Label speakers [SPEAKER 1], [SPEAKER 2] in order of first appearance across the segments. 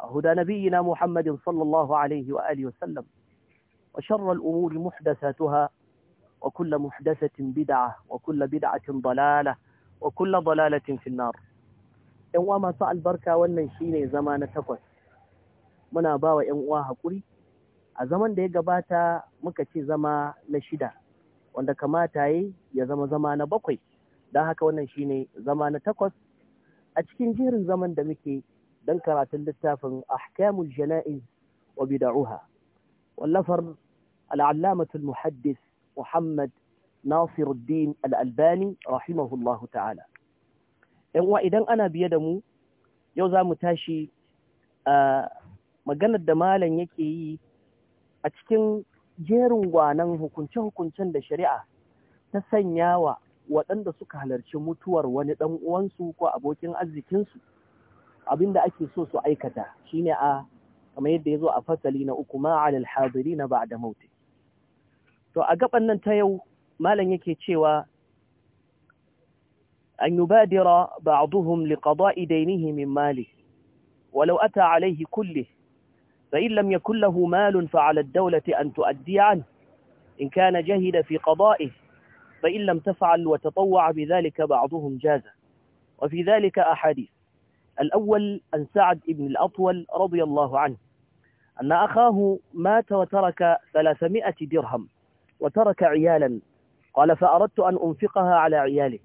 [SPEAKER 1] هدى نبينا محمد صلى الله عليه وآله وسلم وشر الأمور محدثاتها وكل محدثة بدعة وكل بدعة ضلالة وكل ضلالة في النار ينوى ما صع البركة والنشين زمان تقوى منا باوى ينوى هكوري الزمن دي قباتا مكتي زمان نشدة wanda kamata yi ya zama zama na bakwai don haka wannan shine zama na don karatun littafin ahkamul jana'iz wa bida'uha wallafar al'allamatul muhaddis muhammad nasiruddin al'albani rahimahullahu ta'ala uwa idan ana biye da mu yau za mu tashi a maganar da malam yake yi a cikin jerin gwanan hukunce-hukuncen da shari'a ta sanya wa waɗanda suka halarci mutuwar wani ɗan uwansu ko abokin arzikinsu abin da ake so su aikata shine a kamar yadda ya zo a fasali na uku ma alal hadiri na ba da mauti to a gaban nan ta yau malam yake cewa an yubadira ba'duhum liqada'i daynihi min mali walau ata alayhi kulli fa in lam yakul lahu malun fa 'ala ad-dawlati an tu'addi 'an in kana jahida fi qada'ihi fa in lam taf'al wa tatawwa bi dhalika ba'duhum jaza wa fi dhalika ahadith الأول أن سعد بن الأطول رضي الله عنه أن أخاه مات وترك ثلاثمائة درهم وترك عيالا قال فأردت أن أنفقها على عياله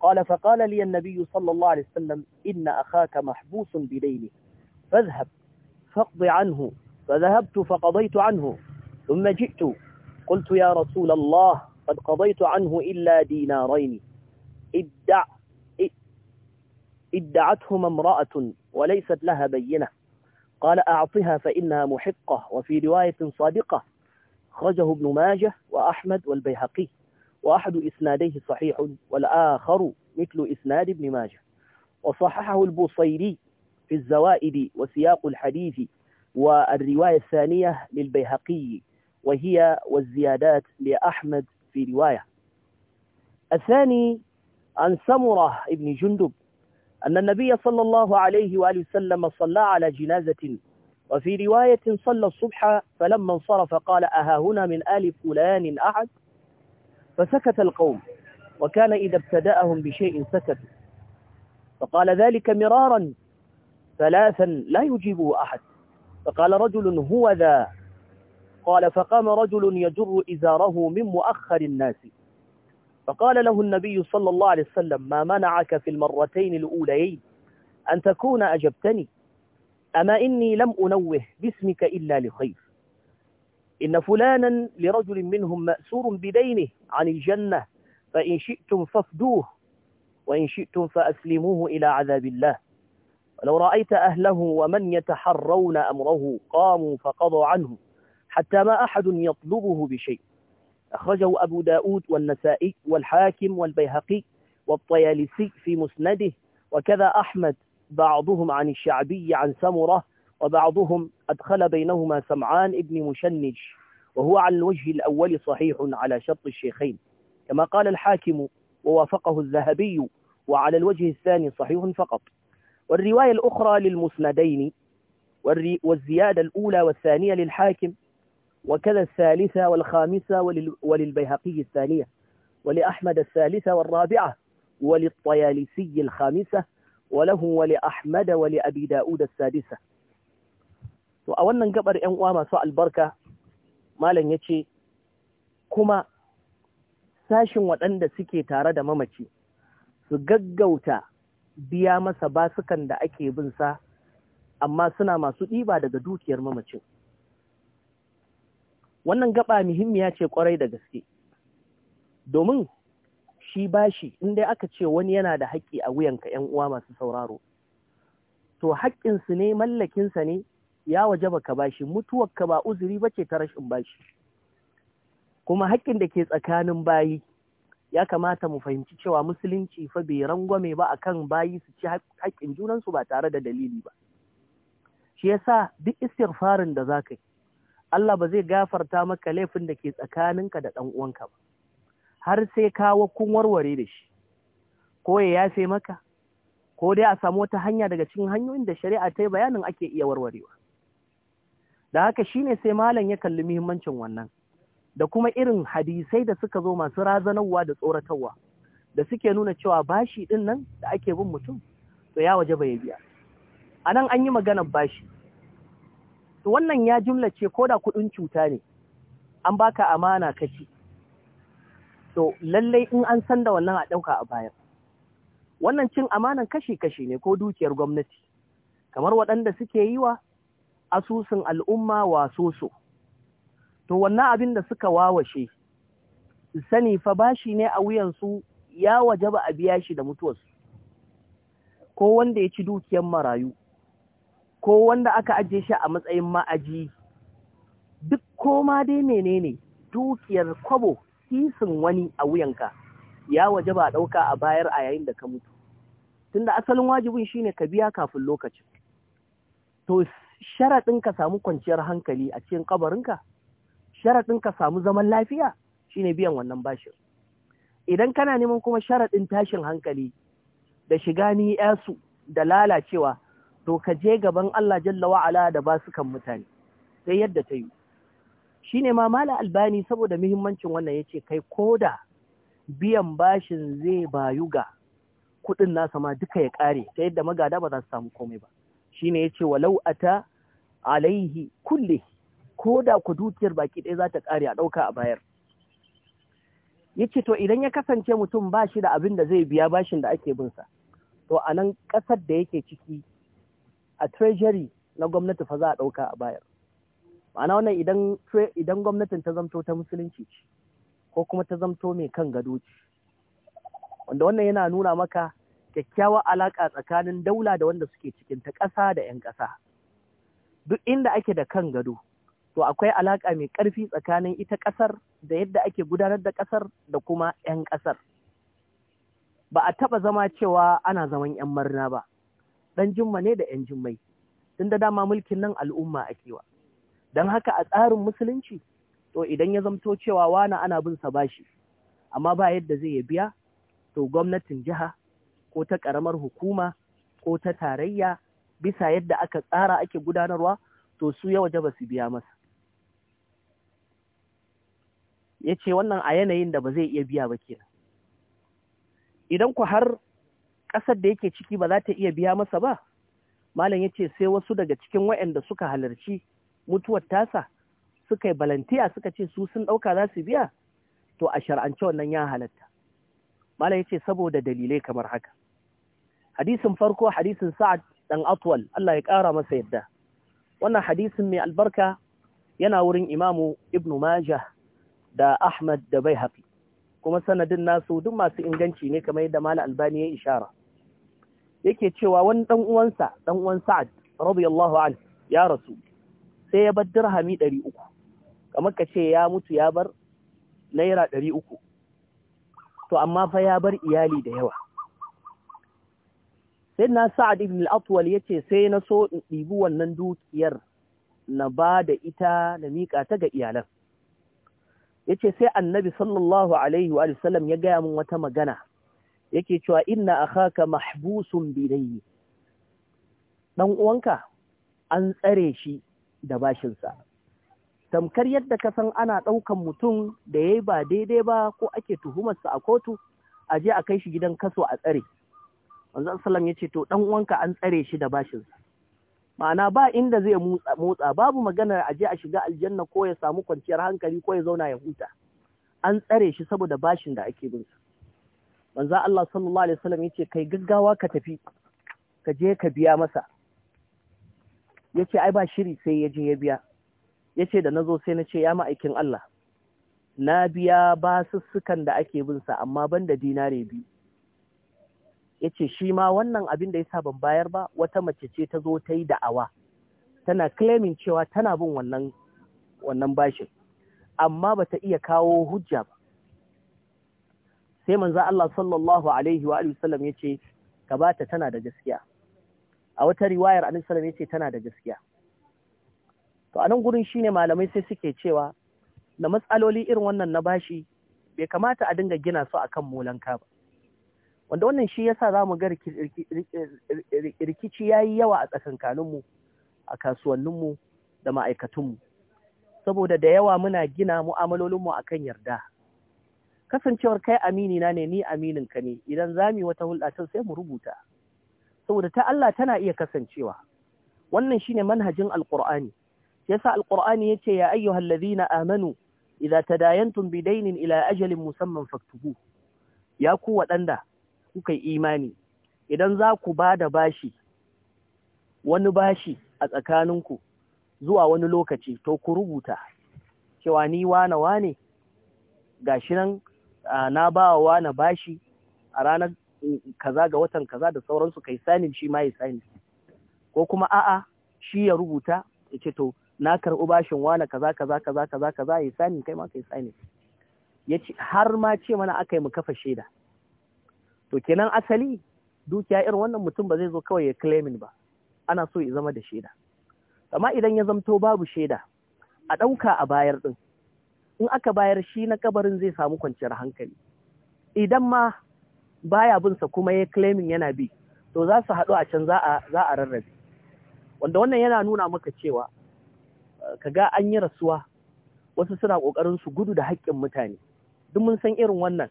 [SPEAKER 1] قال فقال لي النبي صلى الله عليه وسلم إن أخاك محبوس بدينه فاذهب فاقض عنه فذهبت فقضيت عنه ثم جئت قلت يا رسول الله قد قضيت عنه إلا دينارين ادع ادعتهما امرأة وليست لها بينة قال أعطها فإنها محقة وفي رواية صادقة خرجه ابن ماجه وأحمد والبيهقي وأحد إسناديه صحيح والآخر مثل إسناد ابن ماجه وصححه البوصيري في الزوائد وسياق الحديث والرواية الثانية للبيهقي وهي والزيادات لأحمد في رواية الثاني عن سمرة ابن جندب أن النبي صلى الله عليه وآله وسلم صلى على جنازة وفي رواية صلى الصبح فلما انصرف قال أها هنا من آل فلان أحد فسكت القوم وكان إذا ابتدأهم بشيء سكت فقال ذلك مرارا ثلاثا لا يجيبه أحد فقال رجل هو ذا قال فقام رجل يجر إزاره من مؤخر الناس فقال له النبي صلى الله عليه وسلم ما منعك في المرتين الأوليين أن تكون أجبتني أما إني لم أنوه باسمك إلا لخير إن فلانا لرجل منهم مأسور بدينه عن الجنة فإن شئتم فافدوه وإن شئتم فأسلموه إلى عذاب الله ولو رأيت أهله ومن يتحرون أمره قاموا فقضوا عنه حتى ما أحد يطلبه بشيء أخرجه أبو داود والنسائي والحاكم والبيهقي والطيالسي في مسنده وكذا أحمد بعضهم عن الشعبي عن سمرة وبعضهم أدخل بينهما سمعان ابن مشنج وهو على الوجه الأول صحيح على شرط الشيخين كما قال الحاكم ووافقه الذهبي وعلى الوجه الثاني صحيح فقط والرواية الأخرى للمسندين والزيادة الأولى والثانية للحاكم وكذا الثالثة والخامسة ولل وللبيهقي الثانية ولأحمد الثالثة والرابعة وللطيالسي الخامسة وله ولأحمد ولأبي داود السادسة وأولا قبر إن ما سوى البركة مالا يتشي كما ساشن waɗanda suke tare da mamaci su gaggauta biya masa basukan da ake bin sa amma suna masu wannan gaba muhimmiya ce kwarai da gaske domin shi bashi in dai aka ce wani yana da haƙƙi a wuyan ka ‘yan uwa masu sauraro to haƙƙinsu ne mallakinsa ne ya waje baka bashi mutuwarka ba uzuri ba ce ta rashin bashi kuma haƙƙin da ke tsakanin bayi ya kamata mu fahimci cewa musulunci fa bai rangwame ba akan bayi su ci haƙƙin junansu ba tare da dalili ba shi yasa duk istighfarin da zaka yi Allah ba zai gafarta maka laifin da ke tsakaninka da ɗan uwanka ba har sai kawo kun warware da shi ko ya yafe maka ko dai a samu wata hanya daga cikin hanyoyin da shari'a ta yi bayanin ake iya warwarewa da haka shi ne sai malam ya kalli muhimmancin wannan da kuma irin hadisai da suka zo masu razanarwa da tsoratarwa da suke nuna cewa bashi ɗin nan da ake bin mutum to ya waje bai biya a nan an yi maganar bashi to wannan ya ce ko da kuɗin cuta ne an baka amana kaci to lallai in an san da wannan a ɗauka a baya wannan cin amanan kashi-kashi ne ko dukiyar gwamnati kamar waɗanda suke yi wa asusun al'umma wasoso to wannan abin da suka wawashe sani fa bashi ne a wuyansu ya waje ba a biya shi da mutuwarsu ko wanda ya ci dukiyar marayu ko wanda aka ajiye shi a matsayin ma'aji duk koma dai menene dukiyar kwabo sisin wani a wuyanka ya waje ba ɗauka a bayar a yayin da ka mutu tunda asalin wajibin shine ka biya kafin lokacin to sharaɗin ka samu kwanciyar hankali a cikin kabarinka sharaɗin ka samu zaman lafiya shine biyan wannan bashin idan kana neman kuma sharaɗin tashin hankali da shiga ni yasu da lalacewa to ka je gaban Allah jalla wa'ala da kan mutane sai yadda ta yi shi ne ma mala albani saboda muhimmancin wannan ya ce kai ko da biyan bashin zai bayu ga kuɗin nasa ma duka ya ƙare ta yadda magada ba za su samu komai ba shi ne ya ce walau ata alaihi kulle ko da ku dukiyar baki ɗaya za ta ƙare a ɗauka a bayar ya ce to idan ya kasance mutum ba shi da abin da zai biya bashin da ake binsa to a nan ƙasar da yake ciki a treasury na gwamnati fa za a ɗauka a bayar ma'ana wannan idan idan gwamnatin ta zamto ta musulunci ce ko kuma ta zamto mai kan gado ce wanda wannan yana nuna maka kyakkyawar alaƙa tsakanin daula da wanda suke cikin ta ƙasa da 'yan ƙasa duk inda ake da kan gado to akwai alaƙa mai ƙarfi tsakanin ita ƙasar da yadda ake gudanar da ƙasar da kuma 'yan ƙasar ba a taɓa zama cewa ana zaman 'yan marna ba ɗan jimma ne da ‘yan Jummai, tun da dama mulkin nan al'umma a kewa. Don haka a tsarin musulunci, to idan ya zamto cewa wani ana bin sa bashi, amma ba yadda zai biya, to gwamnatin jiha ko ta karamar hukuma ko ta tarayya bisa yadda aka tsara ake gudanarwa, to su ya waje ba su biya masa. Ya ce wannan a yanayin da ba zai iya biya ba kenan. Idan ku har ƙasar da yake ciki ba za ta iya biya masa ba malam ya ce sai wasu daga cikin wayanda suka halarci mutuwar tasa suka yi balantiya suka ce su sun ɗauka za su biya to a shar'ance wannan ya halatta malam ya ce saboda dalilai kamar haka hadisin farko hadisin sa'ad dan atwal Allah ya ƙara masa yadda wannan hadisin mai albarka yana wurin imamu ibnu majah da ahmad da bai kuma sanadin nasu duk masu inganci ne kamar yadda malam albani ya ishara yake cewa wani dan uwansa dan uwan Sa'ad radiyallahu anhu ya rasu sai ya bar dirhami 300 kamar ka ce ya mutu ya bar naira 300 to amma fa ya bar iyali da yawa sai na Sa'ad ibn al-Atwal yace sai na so in ɗibi wannan dukiyar na ba da ita na miƙa ta ga iyalan yace sai annabi sallallahu alaihi wa sallam ya gaya min wata magana yake cewa inna akhaka mahbusun bidayni dan uwanka an tsare shi da bashinsa tamkar yadda ka san ana ɗaukan mutum da yayi ba daidai ba ko ake tuhumarsa a kotu a je a kai shi gidan kaso a tsare manzo ya ce to dan uwanka an tsare shi da bashinsa ma'ana ba inda zai motsa babu magana a je a shiga aljanna ko ya samu kwanciyar hankali ko ya zauna ya huta an tsare shi saboda bashin da ake bin sa manzo Allah sallallahu alaihi wasallam yace kai gaggawa ka tafi ka je ka biya masa yace ai ba shiri sai ya je ya biya yace da nazo sai na ce ya ma'aikin Allah na biya basussukan da ake bin sa amma banda da dinare biyu yace shi ma wannan abin da yasa ban bayar ba wata mace ce ta zo ta yi da'awa tana claiming cewa tana bin wannan wannan bashin amma bata iya kawo hujja ba sai manzo Allah sallallahu alaihi wa sallam yace ka bata tana da gaskiya a wata riwayar annabi sallallahu yace tana da gaskiya to a anan gurin shine malamai sai suke cewa na matsaloli irin wannan na bashi bai kamata a dinga gina su akan molanka ba wanda wannan shi yasa za mu ga rikici yayi yawa a mu, a kasuwannin mu, da ma'aikatunmu saboda da yawa muna gina mu'amalolinmu akan yarda kasancewar kai amini na ne ni aminin ka ne idan za mu yi wata hulɗa sai mu rubuta saboda ta Allah tana iya kasancewa wannan shine manhajin alqur'ani yasa alqur'ani yace ya ayyuhal ladhina amanu idza tadayantum dainin ila ajalin musamman faktubu ya ku waɗanda kuka yi imani idan za ku ba da bashi wani bashi a tsakaninku zuwa wani lokaci to ku rubuta cewa ni wane wane gashi nan na bawa wa na bashi a ranar kaza ga watan kaza da sauransu kai sanin shi ma ya sani ko kuma a'a shi ya rubuta ya ce to na karɓi bashin wani kaza kaza kaza kaza kaza ya sani kai ma kai sani ya ce har ma ce mana aka yi mu kafa shaida to kenan asali dukiya irin wannan mutum ba zai zo kawai ya claiming ba ana so ya zama da shaida amma idan ya zamto babu shaida a ɗauka a bayar ɗin in aka bayar shi na kabarin zai samu kwanciyar hankali idan ma baya binsa kuma ya claiming yana bi to za su haɗu a can za a rarrabe wanda wannan yana nuna maka cewa eh, ka ga an yi rasuwa wasu suna ƙoƙarin su gudu da haƙƙin mutane duk mun san irin wannan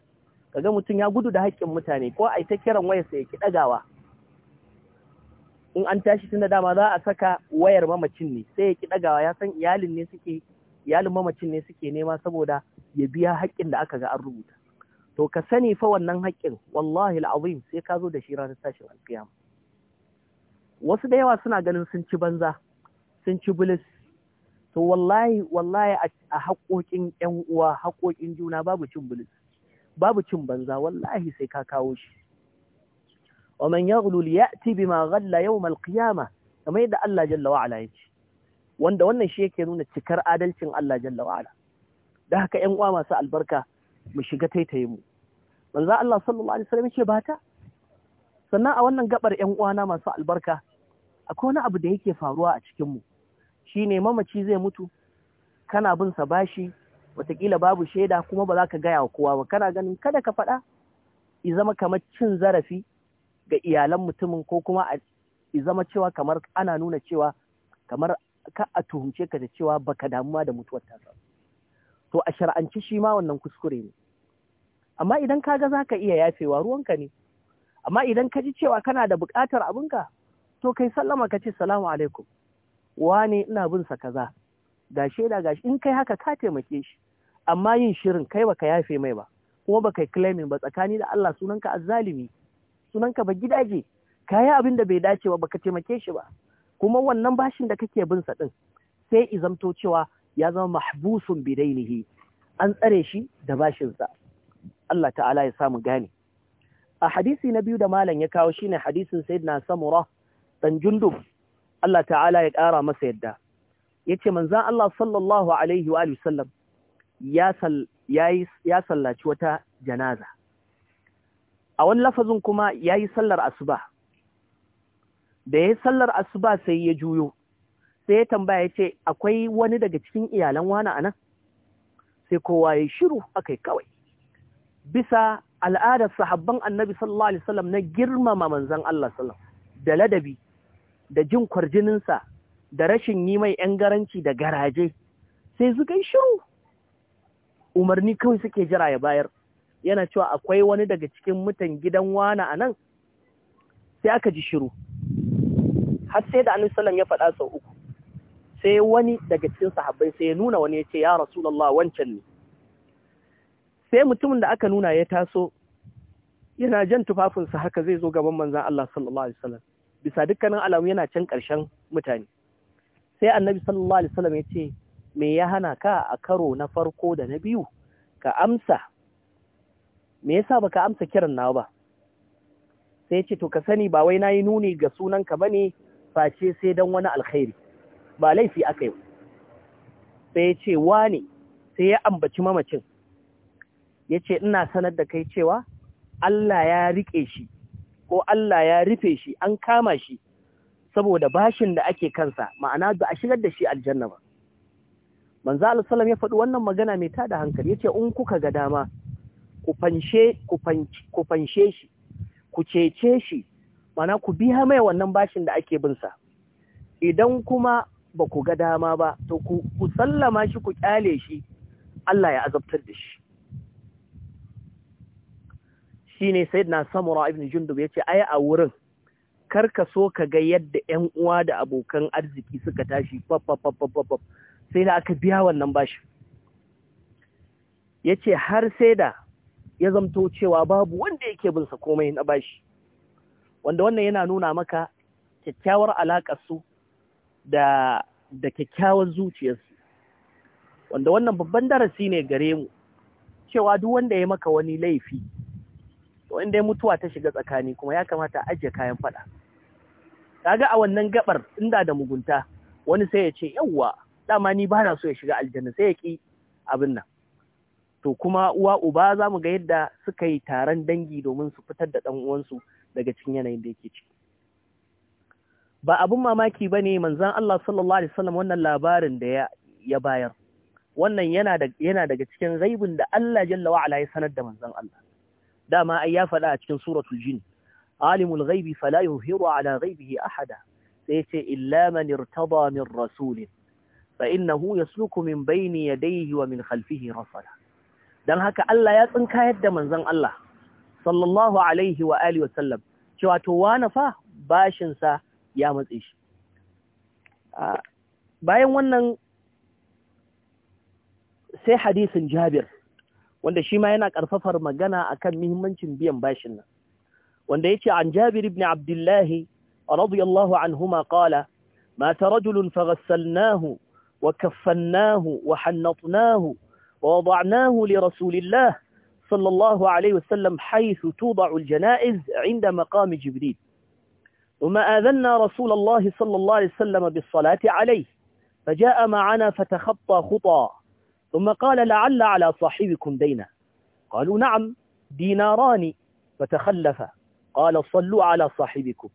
[SPEAKER 1] kaga mutum ya gudu da haƙƙin mutane ko a ta kiran wayarsa ya ki ɗagawa in an tashi tun da dama za a saka wayar mamacin ne sai ya ki ɗagawa ya san iyalin ne suke iyalin mamacin ne suke nema saboda ya biya haƙƙin da aka ga an rubuta to ka sani fa wannan haƙƙin wallahi al'azim sai ka zo da shi ranar tashin alƙiyama wasu da yawa suna ganin sun ci banza sun ci bilis to wallahi wallahi a haƙoƙin ƴan uwa haƙoƙin juna babu cin babu cin banza wallahi sai ka kawo shi wa man yaghlul ya'ti bima ghalla yawm al kamar yadda Allah jalla wa wanda wannan shi yake nuna cikar adalcin Allah jalla wa'ala da haka ƴan uwa masu albarka mu shiga taitaye mu manzo Allah sallallahu alaihi wasallam ba bata sannan a wannan gabar ƴan uwana masu albarka akwai wani abu da yake faruwa a cikin mu shine mamaci zai mutu kana bin sa bashi watakila babu shaida kuma ba za ka gaya wa kowa ba kana ganin kada ka faɗa i zama kamar cin zarafi ga iyalan mutumin ko kuma i zama cewa kamar ana nuna cewa kamar ka a tuhumce ka da cewa baka damuwa da mutuwar tasa to a shar'anci shi ma wannan kuskure ne amma idan ka ga zaka iya yafewa ruwanka ne amma idan ka ji cewa kana da buƙatar abinka to kai sallama ka ce salamu alaikum wane ina bin sa kaza ga da gashi in kai haka ka taimake shi amma yin shirin kai baka yafe mai ba kuma baka yi claiming ba tsakani da Allah sunanka azzalimi sunanka ba gidaje ka yi abin da bai dace ba baka taimake shi ba kuma wannan bashin da kake bin sa din sai izamto cewa ya zama mahbusun bidainihi an tsare shi da bashin sa Allah ta'ala ya samu gane a hadisi na biyu da malam ya kawo shine hadisin sayyidina samura dan jundub Allah ta'ala ya ƙara masa yadda yace manzon Allah sallallahu alaihi wa sallam ya sal ya sallaci wata janaza a wani lafazin kuma yayi sallar asuba da ya sallar asuba sai ya juyo sai ya tambaya ya ce akwai wani daga cikin iyalan wani a nan sai kowa ya shiru yi kawai bisa al'adar sahabban annabi sallallahu alaihi wasallam na girmama manzon Allah sallam da ladabi da jin kwarjininsa da rashin yi mai ‘yan garanci da garaje sai suka yi shiru umarni kawai suke jira ya bayar yana cewa akwai wani daga cikin mutan gidan wani a nan sai aka ji shiru har sai da annabi sallam ya faɗa sau uku sai wani daga cikin sahabbai sai ya nuna wani ya ce ya rasulullah wancan ne sai mutumin da aka nuna ya taso yana jan tufafinsa haka zai zo gaban manzan Allah sallallahu alaihi wasallam bisa dukkanin alamu yana can ƙarshen mutane sai annabi sallallahu alaihi wasallam ya ce me ya hana ka a karo na farko da na biyu ka amsa me yasa baka amsa kiran na ba sai ce to ka sani ba wai nayi nuni ga sunanka bane face sai don wani alkhairi ba laifi aka yi sai ya wane sai ya ambaci mamacin ya ce ina sanar da kai cewa Allah ya rike shi ko Allah ya rufe shi an kama shi saboda bashin da ake kansa ma'ana ba a shigar da shi aljanna ba manzo al-sallam ya faɗi wannan magana mai tada hankali yace in kuka ga dama ku fanshe shi ku cece shi mana ku biya mai wannan bashin da ake sa, idan kuma ba ku ga dama ba to ku sallama shi ku kyale shi Allah ya azabtar da shi shi ne sayyidina samura ibn jundub ya ce ai a wurin kar ka so ka ga yadda ‘yan uwa da abokan arziki suka tashi fafafafafafa sai da aka biya wannan bashin. Ya ce har sai da ya zamto cewa babu wanda yake binsa komai na bashi. wanda wannan yana nuna maka kyakkyawar alaƙarsu da da kyakkyawar zuciyarsu wanda wannan babban darasi ne gare mu cewa duk wanda ya maka wani laifi to inda ya mutuwa ta shiga tsakani kuma ya kamata a ajiye kayan fada kaga a wannan gabar inda da mugunta wani sai ya ce yawwa dama ni ba na so ya shiga aljanna sai ya ki abin nan to kuma uwa uba za mu ga yadda suka yi taron dangi domin su fitar da ɗan uwansu daga cikin yanayin da yake ciki ba abun mamaki ba ne manzan Allah sallallahu Alaihi wasallam wannan labarin da ya bayar wannan yana daga cikin raibin da Allah jalla wa'ala ya sanar da manzan Allah dama ai ya faɗa a cikin suratul jin alimul ghaibi fala yuhiru ala ghaibihi ahada sai yace illa man irtada min rasulin fa innahu yasluku min bayni yadayhi wa min khalfihi rasala dan haka Allah ya tsinkayar da manzon Allah sallallahu alaihi wa alihi wa sallam cewa to fa bashin sa ya matse shi bayan wannan sai hadisin Jabir wanda shi ma yana karfafar magana akan muhimmancin biyan bashin nan wanda yace an Jabir ibn Abdullah radiyallahu anhuma qala wa رجل فغسلناه wa وحنطناه ووضعناه li rasulillah صلى الله عليه وسلم حيث توضع الجنائز عند مقام جبريل وما آذنا رسول الله صلى الله عليه وسلم بالصلاة عليه فجاء معنا فتخطى خطى ثم قال لعل على صاحبكم دينا قالوا نعم ديناران فتخلف قال صلوا على صاحبكم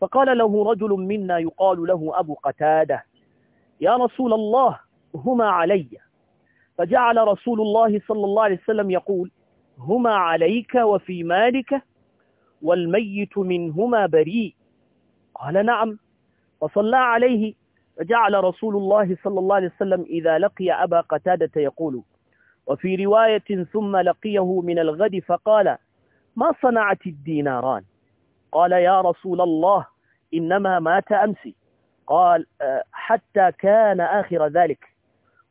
[SPEAKER 1] فقال له رجل منا يقال له أبو قتادة يا رسول الله هما علي فجعل رسول الله صلى الله عليه وسلم يقول هما عليك وفي مالك والميت منهما بريء قال نعم فصلى عليه فجعل رسول الله صلى الله عليه وسلم إذا لقي أبا قتادة يقول وفي رواية ثم لقيه من الغد فقال ما صنعت الديناران قال يا رسول الله إنما مات أمسي قال آه، حتى كان آخر ذلك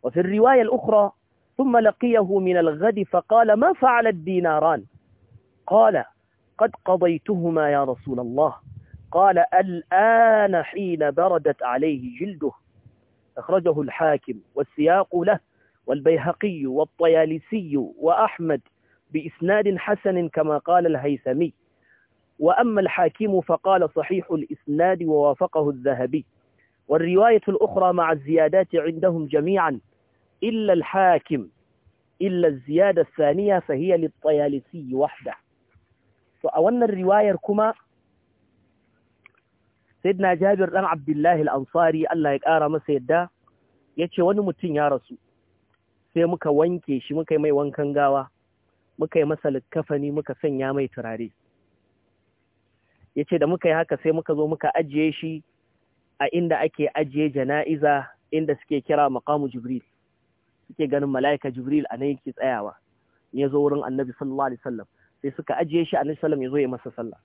[SPEAKER 1] وفي الرواية الأخرى ثم لقيه من الغد فقال ما فعل الديناران قال قد قضيتهما يا رسول الله قال الآن حين بردت عليه جلده أخرجه الحاكم والسياق له والبيهقي والطيالسي وأحمد بإسناد حسن كما قال الهيثمي وأما الحاكم فقال صحيح الإسناد ووافقه الذهبي والرواية الأخرى مع الزيادات عندهم جميعا إلا الحاكم إلا الزيادة الثانية فهي للطيالسي وحده فأولنا الرواية كما سيدنا جابر بن عبد الله الأنصاري الله يقارى ما سيدا wani mutum ya rasu, sai muka wanke shi muka yi mai wankan gawa muka yi masa likkafani muka sanya mai turare ya ce da muka yi haka sai muka zo muka ajiye shi a inda ake ajiye jana'iza inda suke kira makamu jibril suke ganin mala'ika jibril a nan yake tsayawa ya zo wurin annabi sallallahu alaihi wasallam sai suka ajiye shi annabi sallam ya zo ya masa sallah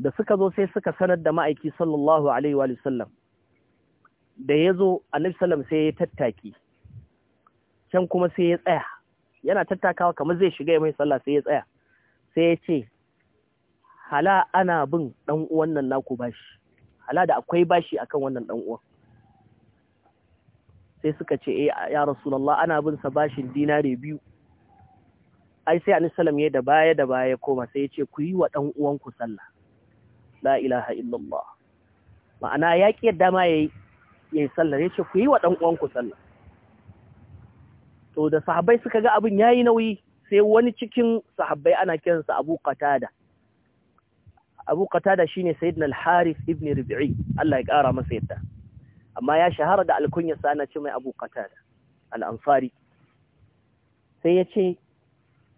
[SPEAKER 1] da suka zo sai suka sanar da ma'aiki sallallahu alaihi wa sallam da ya zo annabi wasallam sai ya tattaki can kuma sai ya tsaya yana tattakawa kamar zai shiga ya mai sallah sai ya tsaya sai ya ce hala ana bin dan uwan nan naku bashi hala da akwai bashi akan wannan dan uwan sai suka ce eh ya rasulullah ana bin sa bashin dinare biyu ai sai annabi sallam ya da baya da baya koma sai ya ce ku yi wa dan uwanku sallah la ilaha illallah ma'ana ya ki yadda ma yayi yayi sallah ya ce ku yi wa dan uwanku sallah to da sahabbai suka ga abin yayi nauyi sai wani cikin sahabbai ana kiransa Abu Qatada Abu Qatada shine Sayyidina Al-Harith ibn Rabi'i Allah ya kara masa yadda amma ya shahara da alkunyarsa ana ce mai abu da al'amfari sai ya ce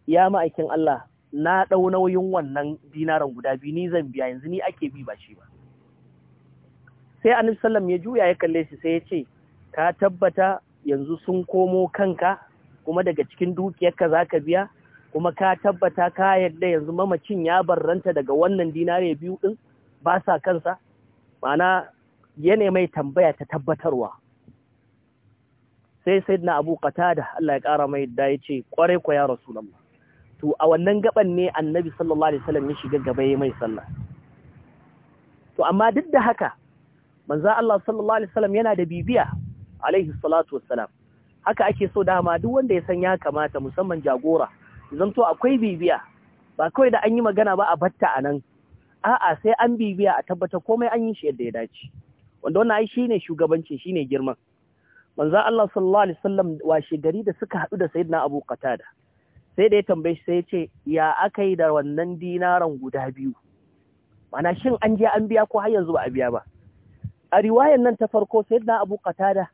[SPEAKER 1] ya ma'aikin Allah na ɗau nauyin wannan dinaran guda biyu ni zan biya yanzu ni ake bi ba shi ba sai annabi sallam ya juya ya kalle shi sai ya ce ka tabbata yanzu sun komo kanka kuma daga cikin dukiyarka zaka biya kuma ka tabbata ka yadda yanzu mamacin ya barranta daga wannan dinare biyu din ba sa kansa ma'ana yana mai tambaya ta tabbatarwa sai sai na Abu da Allah ya kara mai da ya ce, kware kwa ya Rasulullah to a wannan gaban ne Annabi sallallahu alaihi wasallam ya shiga gaba yayi mai sallah to amma duk da haka manzo Allah sallallahu alaihi wasallam yana da bibiya alaihi salatu wassalam haka ake so dama duk wanda ya san ya kamata musamman jagora zanto akwai bibiya ba kawai da an yi magana ba a batta a nan a'a sai an bibiya a tabbata komai an yi shi yadda ya dace wanda wannan ai shine shugabancin shine girman manzo Allah sallallahu alaihi wasallam washe gari da suka hadu da sayyidina Abu Qatada sai da ya tambaye shi sai ya ce ya akai da wannan dinaran guda biyu mana shin an je an biya ko har yanzu ba a biya ba a riwayar nan ta farko sayyidina Abu Qatada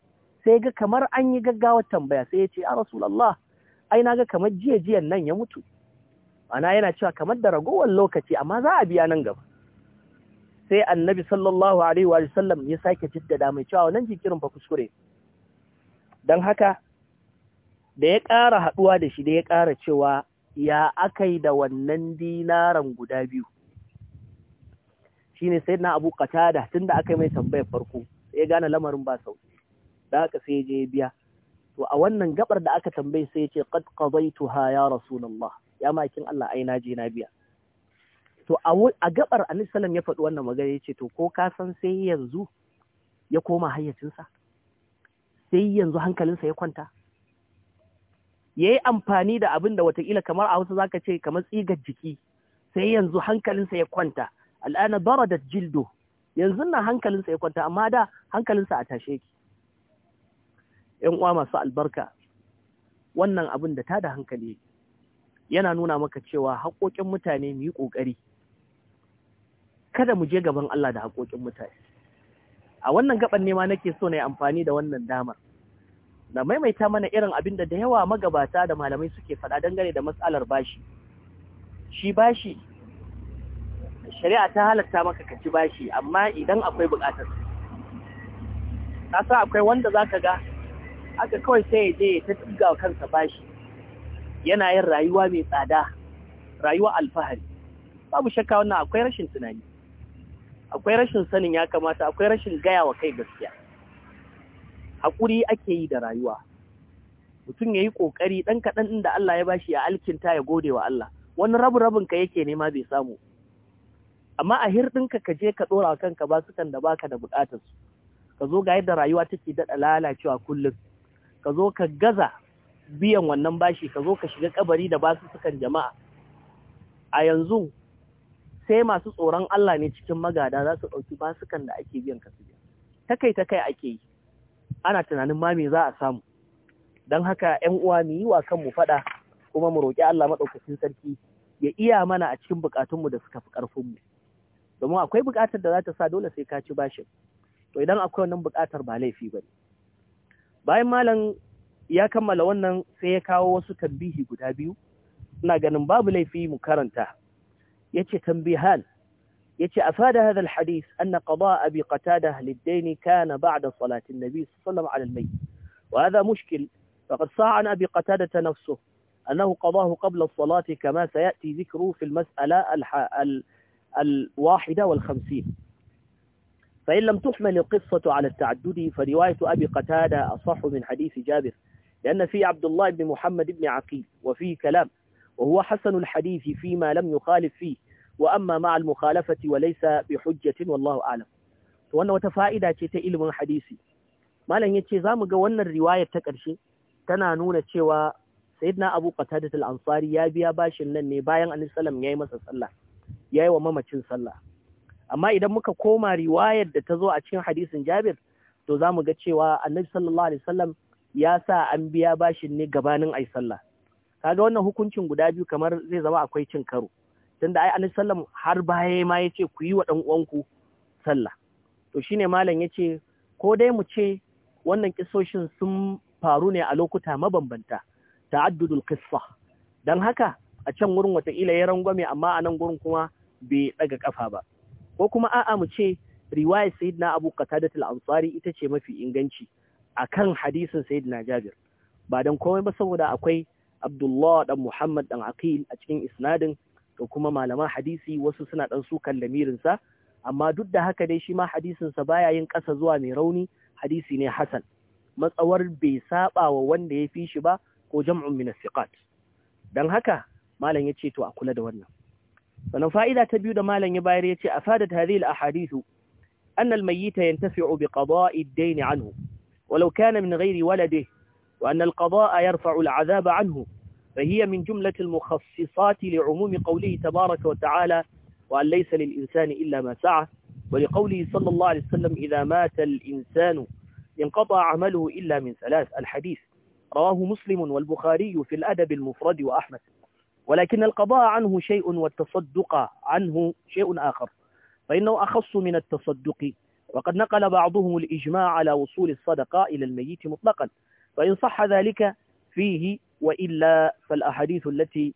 [SPEAKER 1] sai ga kamar an yi gaggawar tambaya sai ya ce a Rasulullah ai na ga kamar jiya jiyan nan ya mutu ana yana cewa kamar da ragowar lokaci amma za a biya nan gaba sai annabi sallallahu alaihi wa sallam ya sake jaddada mai cewa wannan jikirin fa kuskure don haka da ya ƙara haɗuwa da shi da ya ƙara cewa ya akai da wannan dinaran guda biyu shine sai na abu katada tun da aka mai tambayar farko ya gane lamarin ba sauki da aka sai ya je biya to a wannan gabar da aka tambaye sai ya ce qad qadaytuha ya rasulullah ya makin Allah ai na je na biya to a gabar annabi ya faɗi wannan magana ya ce to ko ka san sai yanzu ya koma hayyacinsa sai yanzu hankalinsa ya kwanta ya yi amfani da abin da watakila kamar a wasu zaka ce kamar tsigar jiki sai yanzu hankalinsa ya kwanta al'ana bara da jildo yanzu na hankalinsa ya kwanta amma da hankalinsa a tashe ki yan uwa masu albarka wannan abin da ta da hankali yana nuna maka cewa haƙoƙin mutane mu yi ƙoƙari kada mu je gaban Allah da haƙoƙin mutane a wannan gaban ne ma nake so na yi amfani da wannan damar na maimaita mana irin abin da da yawa magabata da malamai suke faɗa dangane da matsalar bashi shi bashi shari'a ta halatta maka ka ci bashi amma idan akwai buƙatar ka sa akwai wanda zaka ga aka kawai sai ya je ya ta tsiga kansa bashi yana yin rayuwa mai tsada rayuwa alfahari babu shakka wannan akwai rashin tunani akwai rashin sanin ya kamata akwai rashin gaya wa kai gaskiya haƙuri ake yi da rayuwa mutum ya yi ƙoƙari ɗan kaɗan inda Allah ya bashi ya alkinta ya gode wa Allah wani rabu rabin ka yake nema bai samu amma a hirɗinka ka je ka ɗora kanka ba su kan da baka da buƙatar su ka zo ga yadda rayuwa take daɗa lalacewa kullum ka zo ka gaza biyan wannan bashi ka zo ka shiga kabari da basu sukan jama'a a yanzu sai masu tsoron Allah ne cikin magada za su ɗauki basukan da ake biyan kasu biya ta kai ta kai ake yi ana tunanin ma me za a samu don haka ‘yan uwa mu yi wa kanmu faɗa kuma mu roƙi Allah maɗaukacin sarki ya iya mana a cikin buƙatunmu da suka fi ƙarfinmu domin akwai buƙatar da za ta sa dole sai ka ci bashin to idan akwai wannan buƙatar ba laifi ba ne bayan malam ya kammala wannan sai ya kawo wasu tambihi guda biyu ina ganin babu laifi mu karanta يتي تنبيهان يتي أفاد هذا الحديث أن قضاء أبي قتادة للدين كان بعد صلاة النبي صلى الله عليه وسلم على الميت وهذا مشكل فقد صاع عن أبي قتادة نفسه أنه قضاه قبل الصلاة كما سيأتي ذكره في المسألة الح... ال... الواحدة والخمسين فإن لم تحمل القصة على التعدد فرواية أبي قتادة أصح من حديث جابر لأن في عبد الله بن محمد بن عقيل وفيه كلام Wahuwa وهو حسن الحديث فيما لم يخالف فيه وأما مع المخالفة وليس بحجة والله أعلم wannan wata fa'ida ce ta ilimin hadisi malam ya ce za mu ga wannan riwayar ta ƙarshe tana nuna cewa sayyidina abu qatadat al-ansari ya biya bashin nan ne bayan annabi sallam yayi masa sallah yayi wa mamacin sallah amma idan muka koma riwayar da ta zo a cikin hadisin jabir to za mu ga cewa annabi sallallahu ya sa an biya bashin ne gabanin ai sallah kaga wannan hukuncin guda biyu kamar zai zama akwai cin karo tunda ai annabi sallam har baya ma yace ku yi wa dan uwanku sallah to shine malam yace ko dai mu ce wannan kisoshin sun faru ne a lokuta mabambanta ta'addudul qissa dan haka a can wurin wataƙila ya rangwame amma a nan gurin kuma bai ɗaga kafa ba ko kuma a'a mu ce riwayar sayyidina abu qatadatul ansari ita ce mafi inganci akan hadisin sayyidina jabir ba dan komai ba saboda akwai Abdullah dan Muhammad dan Aqil a cikin isnadin da kuma malaman hadisi wasu suna dan sukan lamirinsa amma duk da haka dai shi ma hadisinsa baya yin ƙasa zuwa mai rauni hadisi ne hasan matsawar bai saba wa wanda ya fi shi ba ko jam'un min siqat dan haka malam ya ce to a kula da wannan sannan fa'ida ta biyu da malam ya bayar ya ce afadat hadhihi al-ahadith أن الميت ينتفع بقضاء الدين عنه ولو كان من غير ولده وأن القضاء يرفع العذاب عنه فهي من جملة المخصصات لعموم قوله تبارك وتعالى وأن ليس للإنسان إلا ما سعى ولقوله صلى الله عليه وسلم إذا مات الإنسان انقطع عمله إلا من ثلاث الحديث رواه مسلم والبخاري في الأدب المفرد وأحمد ولكن القضاء عنه شيء والتصدق عنه شيء آخر فإنه أخص من التصدق وقد نقل بعضهم الإجماع على وصول الصدقة إلى الميت مطلقا فإن صح ذلك فيه وإلا فالأحاديث التي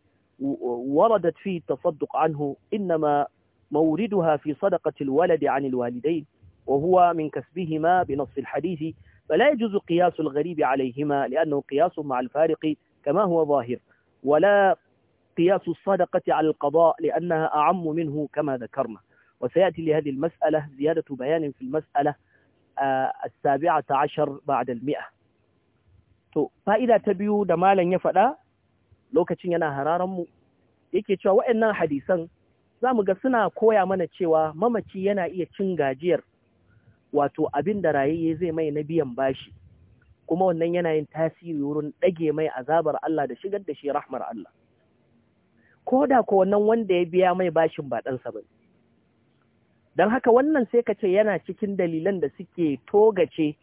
[SPEAKER 1] وردت فيه التصدق عنه إنما موردها في صدقة الولد عن الوالدين وهو من كسبهما بنص الحديث فلا يجوز قياس الغريب عليهما لأنه قياس مع الفارق كما هو ظاهر ولا قياس الصدقة على القضاء لأنها أعم منه كما ذكرنا وسيأتي لهذه المسألة زيادة بيان في المسألة آه، السابعة عشر بعد المئة To, fa'ida ta biyu da malam ya faɗa lokacin yana hararan hararanmu, yake cewa waɗannan hadisan za mu ga suna koya mana cewa mamaci yana iya cin gajiyar wato abin da rayayye zai mai na biyan bashi, kuma wannan yanayin tasiri wurin ɗage mai azabar Allah da shigar da shi rahmar Allah. Ko da ko wannan wanda ya biya mai bashin ba ɗansa ba Don haka wannan sai ka ce yana cikin dalilan da suke togace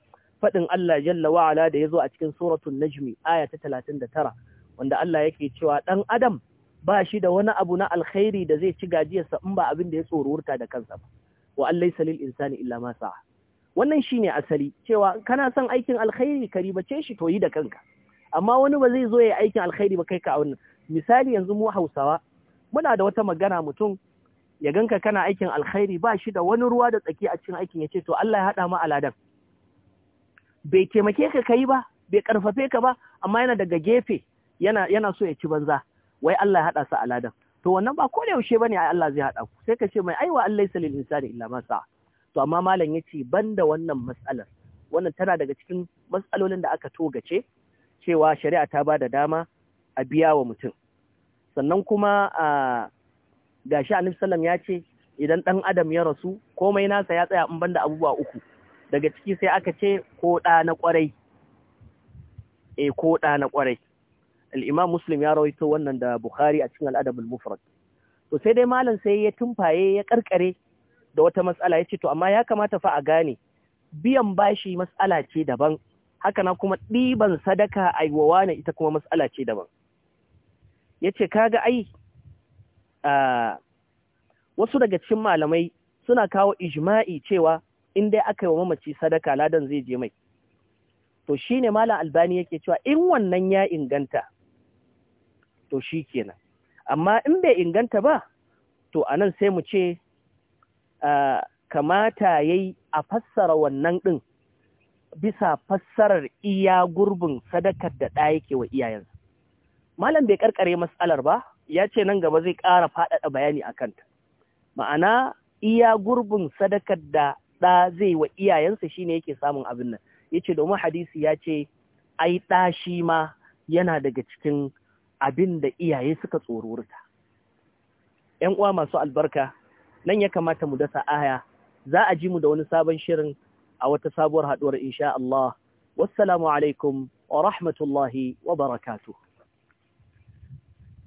[SPEAKER 1] faɗin Allah jalla wa'ala da ya zo a cikin suratul najmi aya ta talatin da tara. wanda Allah yake cewa ɗan adam ba shi da wani abu na alkhairi da zai ci gajiyarsa in ba abin da ya tsoro wurta da kansa ba wa allai salil insani illa ma sa'a wannan shine asali cewa kana son aikin alkhairi ka ribace shi to yi da kanka amma wani ba zai zo ya yi aikin alkhairi ba kai ka wannan misali yanzu mu Hausawa muna da wata magana mutum ya ganka kana aikin alkhairi ba shi da wani ruwa da tsaki a cikin aikin ya ce to Allah ya haɗa mu aladan bai taimake ka kai ba bai karfafe ka ba amma yana daga gefe yana yana so ya ci banza wai Allah ya hada su aladan to wannan ba ko yaushe bane ai Allah zai hada ku sai ka ce mai wa Allah ya salil insani illa ma sa to amma malam yace banda wannan matsalar. wannan tana daga cikin matsalolin da aka togace cewa shari'a ta ba da dama a biya wa mutum sannan kuma a gashi annabi sallam ya ce idan dan adam ya rasu komai nasa ya tsaya in banda abubuwa uku daga ciki sai aka ce ko ɗa na kwarai. e ko ɗa na ƙwarai al'imam muslim ya rawaito wannan da bukhari a cikin al mufrad to sai dai malam sai ya tumfaye ya karkare da wata matsala ya ce to amma ya kamata fa a gane biyan bashi matsala ce daban haka na kuma ɗiban sadaka a na ita kuma matsala ce daban ya ce kaga ai wasu daga cikin malamai suna kawo ijma'i cewa in dai aka yi wa mamaci sadaka ladan zai je mai to shine malam albani yake cewa in wannan ya inganta to shi kenan amma in bai inganta ba to a nan sai mu ce kamata ya yi a fassara wannan ɗin bisa fassarar iya gurbin sadakar da ɗaya yake wa iyayensa. Malam bai karkare matsalar ba, ya ce nan gaba zai ƙara faɗaɗa bayani a kanta. Ma'ana iya gurbin sadakar da ɗa zai wa iyayensa shi ne yake samun abin nan ya ce domin hadisi ya ce ai ɗa shi ma yana daga cikin abin da iyaye suka tsororta ‘yan uwa masu albarka nan ya kamata mu dasa aya za a ji mu da wani sabon shirin a wata sabuwar haɗuwar insha Allah wassalamu alaikum wa rahmatullahi wa barakatuh